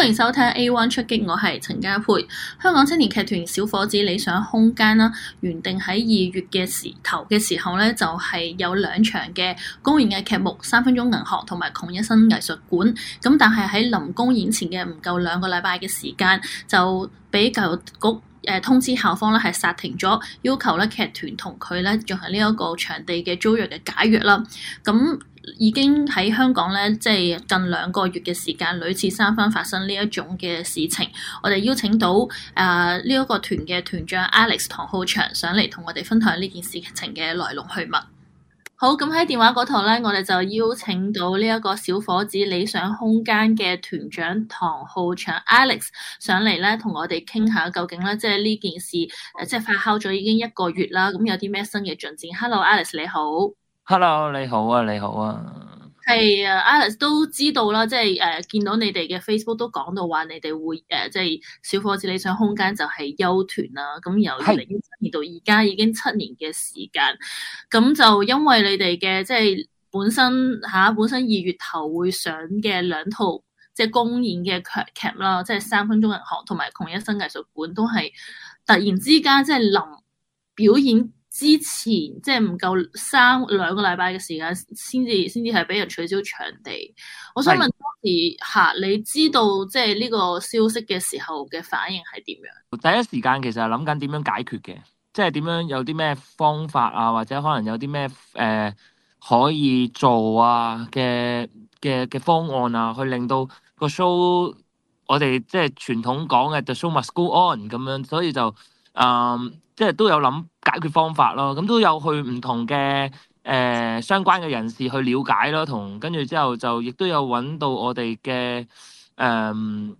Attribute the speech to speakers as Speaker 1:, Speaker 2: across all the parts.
Speaker 1: 歡迎收聽 A One 出擊，我係陳嘉佩。香港青年劇團《小伙子理想空間》啦，原定喺二月嘅時頭嘅時候咧，就係、是、有兩場嘅公演嘅劇目，《三分鐘銀行》同埋《窮一生藝術館》。咁但係喺臨公演前嘅唔夠兩個禮拜嘅時間，就俾教育局誒、呃、通知校方咧，係煞停咗，要求咧劇團同佢咧進行呢一個場地嘅租約嘅解約啦。咁、嗯。已經喺香港咧，即係近兩個月嘅時間，屢次三番發生呢一種嘅事情。我哋邀請到啊呢一個團嘅團長 Alex 唐浩翔上嚟同我哋分享呢件事情嘅來龍去脈。好，咁喺電話嗰頭咧，我哋就邀請到呢一個小伙子理想空間嘅團長唐浩翔 Alex 上嚟咧，同我哋傾下究竟咧，即係呢件事，即係發酵咗已經一個月啦。咁有啲咩新嘅進展？Hello，Alex 你好。
Speaker 2: Hello，你好啊，你好
Speaker 1: 啊，係啊，Alex 都知道啦，即係誒、呃，見到你哋嘅 Facebook 都講到話，你哋會誒，即係小伙子理想空間就係休團啦。咁、嗯嗯、由2017年到而家已經七年嘅時間，咁就因為你哋嘅即係本身吓、啊，本身二月頭會上嘅兩套即係公演嘅劇劇啦，即係三分鐘銀行同埋窮一生藝術館都係突然之間即係臨表演，之前即係唔夠三兩個禮拜嘅時間，先至先至係俾人取消場地。是我想問當時吓、啊，你知道即係呢個消息嘅時候嘅反應係點樣？
Speaker 2: 第一時間其實係諗緊點樣解決嘅，即係點樣有啲咩方法啊，或者可能有啲咩誒可以做啊嘅嘅嘅方案啊，去令到個 show，我哋即係傳統講嘅 the show must go on 咁樣，所以就嗯、呃、即係都有諗。解決方法咯，咁都有去唔同嘅誒、呃、相關嘅人士去了解咯，同跟住之後就亦都有揾到我哋嘅誒，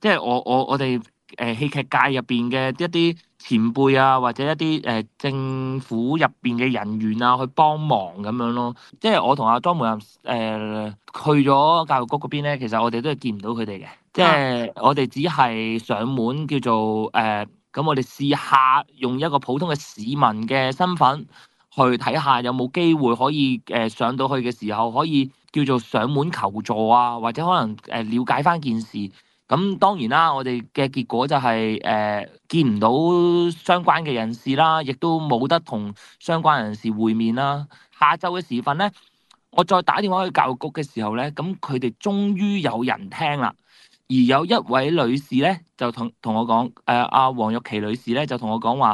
Speaker 2: 即係我我我哋誒、呃、戲劇界入邊嘅一啲前輩啊，或者一啲誒、呃、政府入邊嘅人員啊，去幫忙咁樣咯。即係我同阿莊梅林誒去咗教育局嗰邊咧，其實我哋都係見唔到佢哋嘅，即係我哋只係上門叫做誒。呃咁我哋試下用一個普通嘅市民嘅身份去睇下有冇機會可以誒、呃、上到去嘅時候可以叫做上門求助啊，或者可能誒呃、瞭解翻件事。咁當然啦，我哋嘅結果就係、是、誒、呃、見唔到相關嘅人士啦，亦都冇得同相關人士會面啦。下晝嘅時分咧，我再打電話去教育局嘅時候咧，咁佢哋終於有人聽啦。而有一位女士咧，就同同我講，誒、呃、阿、啊、黃玉琪女士咧，就同我講話，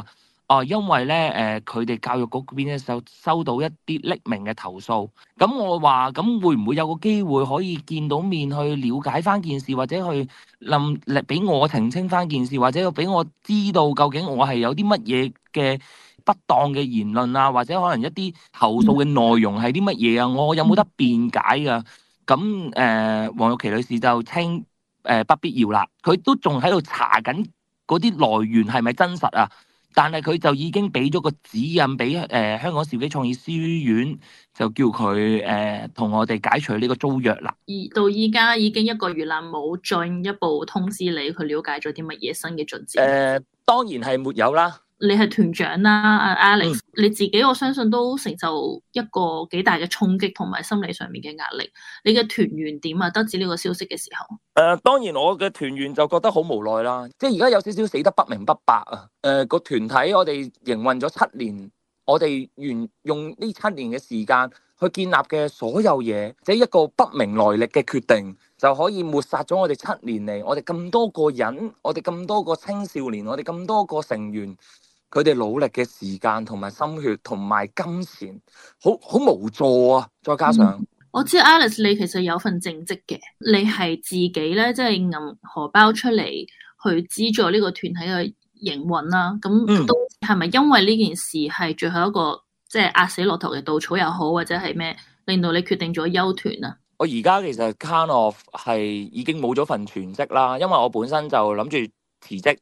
Speaker 2: 哦、呃，因為咧，誒佢哋教育局嗰邊咧就收到一啲匿名嘅投訴，咁我話，咁會唔會有個機會可以見到面去了解翻件事，或者去諗令俾我澄清翻件事，或者俾我知道究竟我係有啲乜嘢嘅不當嘅言論啊，或者可能一啲投訴嘅內容係啲乜嘢啊，我有冇得辯解㗎？咁誒、呃，黃玉琪女士就稱。誒、呃、不必要啦，佢都仲喺度查緊嗰啲來源係咪真實啊，但係佢就已經俾咗個指引俾誒、呃、香港兆基創意書院，就叫佢誒同我哋解除呢個租約啦。
Speaker 1: 而到依家已經一個月啦，冇進一步通知你去了解咗啲乜嘢新嘅進展？
Speaker 2: 誒、呃、當然係沒有啦。
Speaker 1: 你係團長啦、啊、Alex，、嗯、你自己我相信都承受一個幾大嘅衝擊同埋心理上面嘅壓力。你嘅團員點啊？得知呢個消息嘅時候，
Speaker 2: 誒、呃、當然我嘅團員就覺得好無奈啦，即係而家有少少死得不明不白啊！誒、呃、個團體我哋營運咗七年，我哋用用呢七年嘅時間去建立嘅所有嘢，即係一個不明來歷嘅決定，就可以抹殺咗我哋七年嚟我哋咁多個人，我哋咁多個青少年，我哋咁多個成員。佢哋努力嘅時間同埋心血同埋金錢，好好無助啊！再加上，嗯、
Speaker 1: 我知 Alice 你其實有份正職嘅，你係自己咧，即係揞荷包出嚟去資助呢個團體嘅營運啦、啊。咁都係咪因為呢件事係最後一個，即、就、係、是、壓死駱駝嘅稻草又好，或者係咩，令到你決定咗休團啊？
Speaker 2: 我而家其實 kind of 係已經冇咗份全職啦，因為我本身就諗住辭職。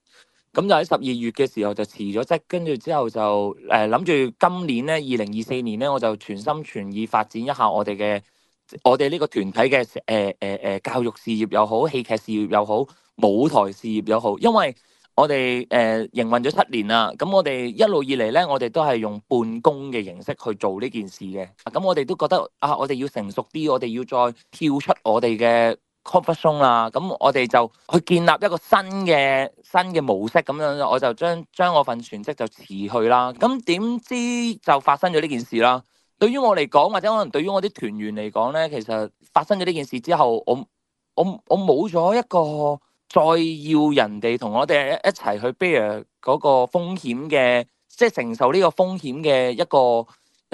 Speaker 2: 咁就喺十二月嘅時候就辭咗職，跟住之後就誒諗住今年呢，二零二四年呢，我就全心全意發展一下我哋嘅我哋呢個團體嘅誒誒誒教育事業又好，戲劇事業又好，舞台事業又好。因為我哋誒、呃、營運咗七年啦，咁我哋一路以嚟呢，我哋都係用半工嘅形式去做呢件事嘅。咁我哋都覺得啊，我哋要成熟啲，我哋要再跳出我哋嘅 confusion 啦，咁我哋就去建立一個新嘅新嘅模式咁樣，我就將將我份全職就辭去啦。咁點知就發生咗呢件事啦。對於我嚟講，或者可能對於我啲團員嚟講咧，其實發生咗呢件事之後，我我我冇咗一個再要人哋同我哋一齊去 bear 嗰個風險嘅，即係承受呢個風險嘅一個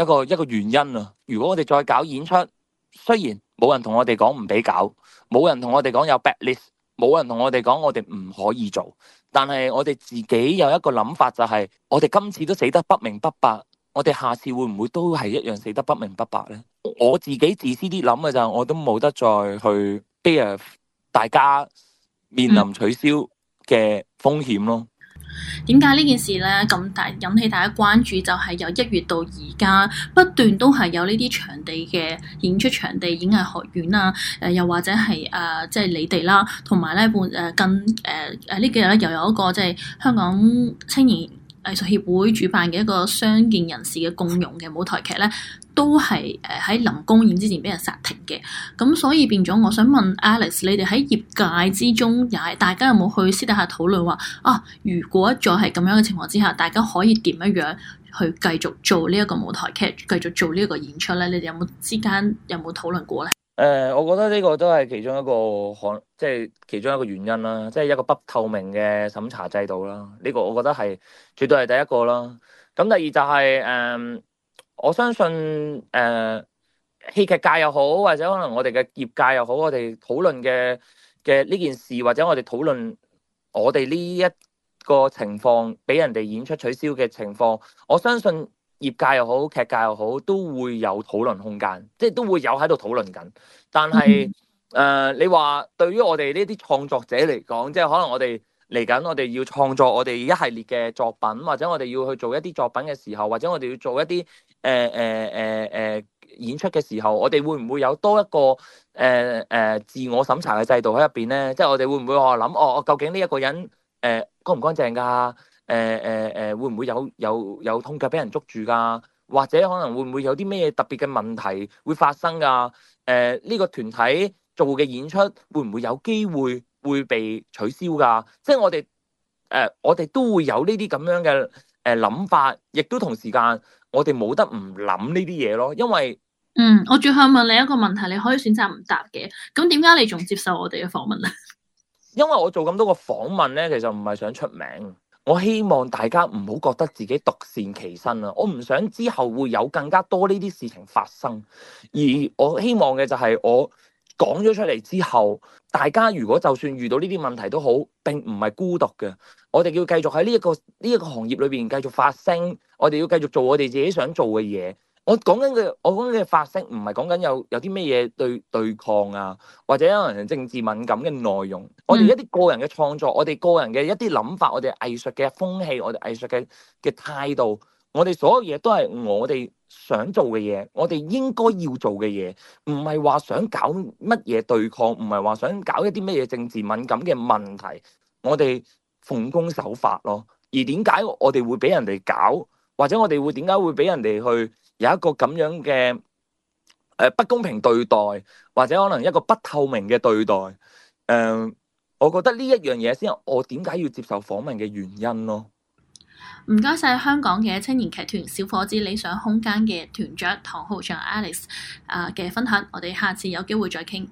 Speaker 2: 一個一個原因啦。如果我哋再搞演出，雖然，冇人同我哋講唔俾搞，冇人同我哋講有 bad list，冇人同我哋講我哋唔可以做，但係我哋自己有一個諗法就係，我哋今次都死得不明不白，我哋下次會唔會都係一樣死得不明不白呢？我自己自私啲諗嘅就係，我都冇得再去 bear 大家面臨取消嘅風險咯。
Speaker 1: 點解呢件事呢？咁大引起大家關注？就係、是、由一月到而家不斷都係有呢啲場地嘅演出場地、演藝學院啊，誒、呃、又或者係誒即係你哋啦，同埋咧換近誒誒呢幾日咧，又有一個即係、就是、香港青年藝術協會主辦嘅一個傷健人士嘅共融嘅舞台劇咧，都係誒喺臨公演之前俾人殺停嘅，咁所以變咗。我想問 Alex，你哋喺業界之中，也係大家有冇去私底下討論話啊？如果再係咁樣嘅情況之下，大家可以點樣去繼續做呢一個舞台劇，繼續做呢一個演出咧？你哋有冇之間有冇討論過咧？
Speaker 2: 誒、呃，我覺得呢個都係其中一個可，即係其中一個原因啦，即係一個不透明嘅審查制度啦。呢、這個我覺得係絕對係第一個啦。咁第二就係、是、誒、呃，我相信誒、呃、戲劇界又好，或者可能我哋嘅業界又好，我哋討論嘅嘅呢件事，或者我哋討論我哋呢一個情況俾人哋演出取消嘅情況，我相信。業界又好，劇界又好，都會有討論空間，即係都會有喺度討論緊。但係誒、嗯呃，你話對於我哋呢啲創作者嚟講，即係可能我哋嚟緊，我哋要創作我哋一系列嘅作品，或者我哋要去做一啲作品嘅時候，或者我哋要做一啲誒誒誒誒演出嘅時候，我哋會唔會有多一個誒誒、呃呃、自我審查嘅制度喺入邊咧？即係我哋會唔會我諗，哦，我究竟呢一個人誒、呃、乾唔乾淨㗎，啊？誒誒誒，會唔會有有有通緝俾人捉住噶？或者可能會唔會有啲咩特別嘅問題會發生噶？誒、呃，呢、這個團體做嘅演出會唔會有機會會被取消噶？即係我哋誒、呃，我哋都會有呢啲咁樣嘅誒諗法，亦都同時間我哋冇得唔諗呢啲嘢咯，因為
Speaker 1: 嗯，我最後問你一個問題，你可以選擇唔答嘅。咁點解你仲接受我哋嘅訪問咧？
Speaker 2: 因為我做咁多個訪問咧，其實唔係想出名。我希望大家唔好覺得自己獨善其身啊！我唔想之後會有更加多呢啲事情發生，而我希望嘅就係我講咗出嚟之後，大家如果就算遇到呢啲問題都好，並唔係孤獨嘅，我哋要繼續喺呢一個呢一個行業裏邊繼續發聲，我哋要繼續做我哋自己想做嘅嘢。我講緊嘅，我講緊嘅發聲唔係講緊有有啲咩嘢對對抗啊，或者有人政治敏感嘅內容。我哋一啲個人嘅創作，我哋個人嘅一啲諗法，我哋藝術嘅風氣，我哋藝術嘅嘅態度，我哋所有嘢都係我哋想做嘅嘢，我哋應該要做嘅嘢，唔係話想搞乜嘢對抗，唔係話想搞一啲乜嘢政治敏感嘅問題，我哋奉公守法咯。而點解我哋會俾人哋搞，或者我哋會點解會俾人哋去？有一個咁樣嘅誒、呃、不公平對待，或者可能一個不透明嘅對待，誒、呃，我覺得呢一樣嘢先，我點解要接受訪問嘅原因咯？唔
Speaker 1: 該晒，香港嘅青年劇團《小伙子理想空間》嘅團長唐浩翔 Alex 啊嘅分享，我哋下次有機會再傾。